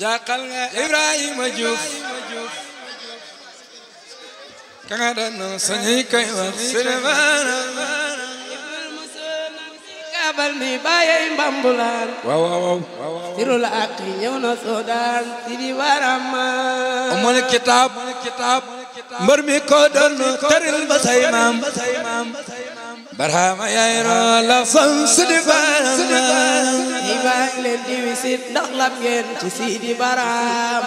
jàqal nga Ibrahima Diouf ka nga daan noo sañuy koy wax Souleymane kaabal mi bàyyey mbambulaan waaw waaw waaw sirul ak ñëw na soodaan si di warama amul kitaab kitaab mbër mi ko doon tëril ba say maam barama yaay roo la fan si di warama ngeen di wisit ndax lam ngeen ci Sidi Baraam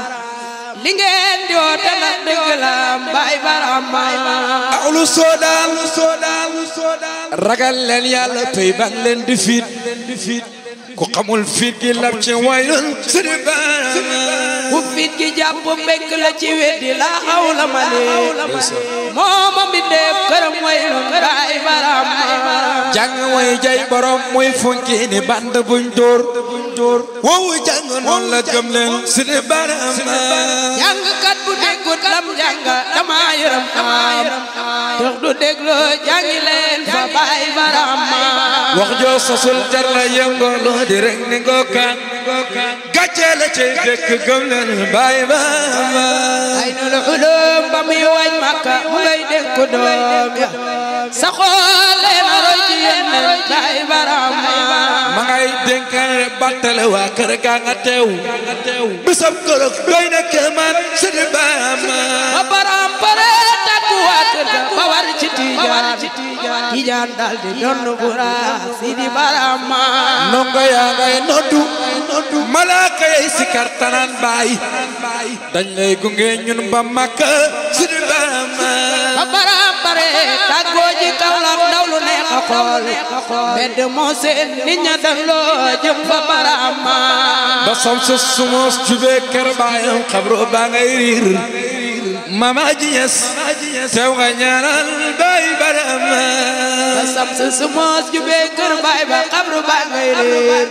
li ngeen di woote nag dëgg la Baay Baraam awlu soo daal soo daal soo daal ragal leen yàlla tey ban leen di fit di fit ku xamul fit gi lam ci wayun Sidi Baraam ku fit gi jàpp mbekk la ci weddi la xaw la ma ne mooma mbindeef këram way baay baram jàng way jay borom muy funki ni band buñ dóor wowu jàng noon la gëm leen si ni baram jàng kat bu déggut lam jàng dama yërëm am tax du dégloo jàngi leen fa baay baram wax joo sosul jar la yëngoo loo di rek ni ngoo kan gàcce la a dëkk gëm leen bàyyi ba ma ay na lu xulum ba muy wañ makka mu ngay dénk doom ya sa xoole na roy ci yeneen bàyyi barama ma nga teew bisab kërëg malaaka yay sikar tanaan dañ lay gunge ñun ba makka suñu barama ba barambare tàggoo ji kawlam ndaw lu neex a xool mbedd moo seen nit ña def loo jëm ba barama ba samsu sumoos jubee kër baayam xabru baa ngay riir mama ji ñes ñes teew nga ñaanal bay barama sa sam sa sumoos ju bee kër bay ba xabru bay ngay réer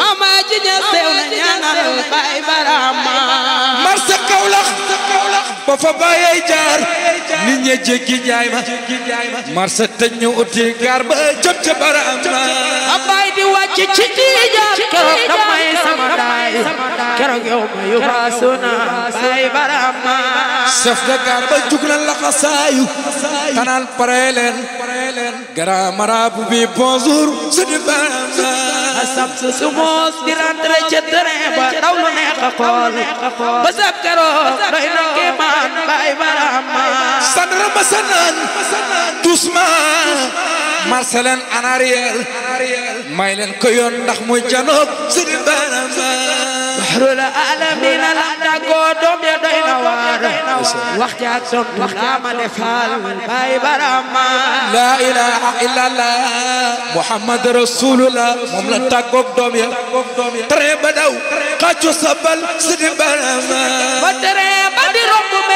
mama ji ñes teew na ñaanal bay barama mar sa kawlax ba fa bàyyey jaar nit ñe jéggi njaay ma mar sa tëj ñu uti gaar ba jëm ca barama a bay di wàcc ci ci jaar keroog yow ma yubaasuna baay barama chef de gare ba jug na la xasaayu tanaan pare leen grand marabout bi bonjour su di barama asab su sumos di rentre ca terrain ba daw lu neex a xool ba sab keroog doy na kéemaan baay barama sanra ma sanaan doucement Marcelen en arrière may leen ko yoon ndax muy janoog su di barama بحر العالمين لم تكن دمي دينوار وقت عدتم نفعل باي برما لا إله إلا الله محمد رسول الله مملن تكوك دمي تريب دو قاچو سبل سنبرما وتريب دو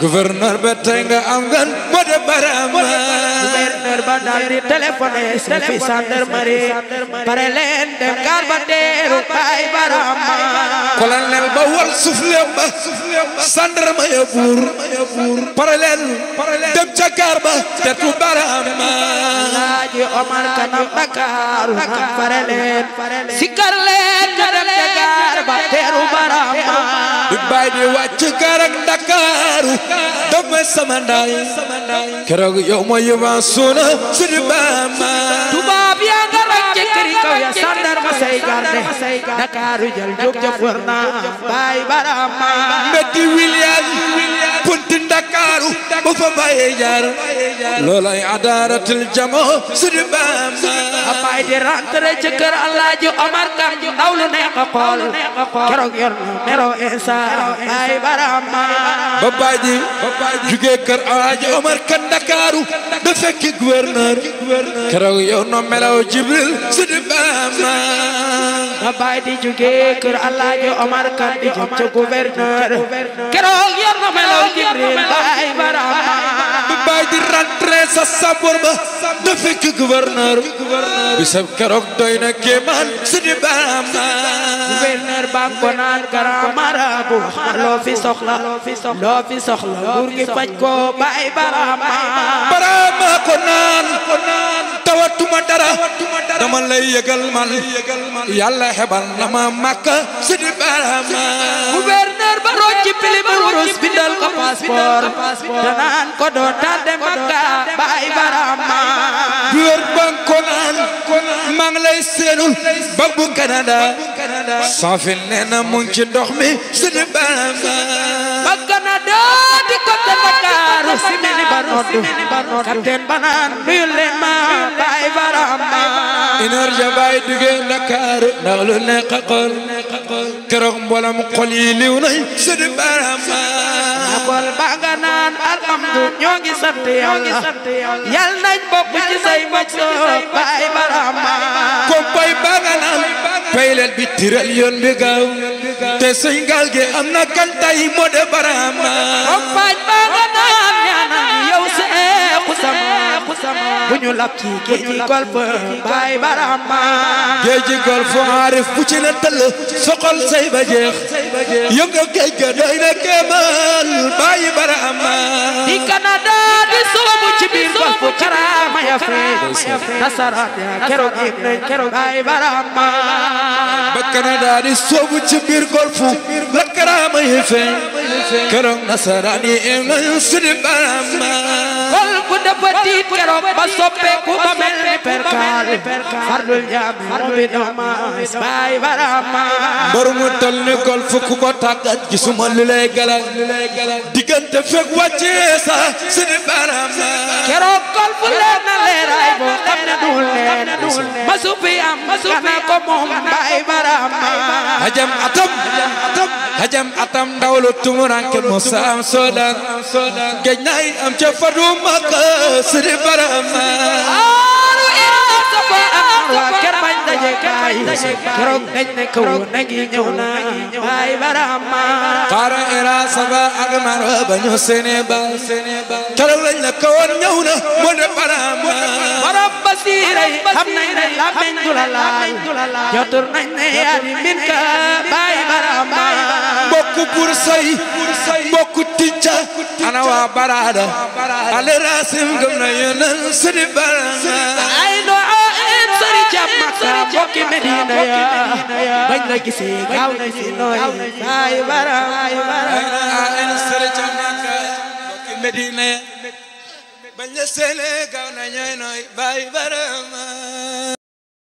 Gubernur ba tey nga pada gan Gubernur de di téléphoné si sander mari Para lendeng dem gaar ba teeru baay barama colonel ba wal soufflé ba gendarme ya buur dem ca gaar tetu barama laaji omar kanam dakar Para leen sikar leen dem cakar gaar ba teeru barama bi baay di wàcc garak Ndakaaru damay sama ndaay keroog yow ma yóbbaa suuna su di baama tubaab yaa nga ràcc këri kaw ya sandar ma say garde Ndakaaru jël jóg ja furna baay baraama metti William puntin daaru bu fa baye jaar loolay adaratul jamo sudi bam a baay di rentré Omar Kan daw lu neex a xool keroog yor mero insa ay barama ba baay di jugee kër Alaaji Omar Kan Ndakaaru da fekki keroog yow no melaw Jibril sudi bam ma baay di jugee kër Alaaji Omar Kan di jëm ca gouverneur keroog yor na melaw Jibril baay Barama bi baay di rentré sa saboor ba na fekk gouverneur bisab keroog doy na kéemaan su di Barama gouverneur ba ko naan grand marabout loo soxla loo soxla nguur gi faj ko baay Barama Barama ko naan tawatuma dara dama lay yëgal man yàlla xebal na ma makka si di barama gouverneur ba rocci pili ba wurus bindal ko passeport te naan ko doo tàdde makka baay barama buur ban ko naan maa ngi lay seenul ba bu Canada saafin nee na ci ndox si di barama dooti kotte Ndakaaru simili ba noddu kapteen ba naan nuyu leen ma baay barama énergie baay duggee Ndakaaru ndax lu nekk xol keroog mbolam xol yi liw nañ sëdi barama akol ba nga naan alhamdu ñoo ngi sant yàlla ci say mbokk baay barama ko bay ba nga pay leen bi tiral yoon bi gaaw te sëñ gi am na kan tay moo de baraama bu ñu lap ci ba jeex soobu ci biir la karama ya fee keroog nasaraat yi yëg nañ sudi ku dëpp tiit keroog ba soppeeku ba mel ni perkaal fardul jaam rabbi doomaas baay barama mbër mu tol ni gol fukk ko tàggat gisuma lu lay galal diggante fekk wàccee sa sini barama keroog gol fu leer na leeraay boo suufi am kana ko moom baay barama hajam atam hajam tumuranke musa am sodan géej nay am ca fadu makka siri barama ah! daje gaay keroog dañ ne ko nagi ñëw na baay barama xara ira saba ak mar ba ñu sene ba keroog lañ ne ko ñëw na mo ne barama barab basire xam nañ ne la meñ dula la jotur nañ ne yaari min ka baay barama mbokku bur say mbokku tinca ana waa barada ale rasim gëm na yenen sidi barama yam makka mbokki medina ya bañ la gisee gaaw na ci nooy ay bara ay bara en sere ca makka mbokki medina ya bañ la seene gaaw na ñooy nooy bay barama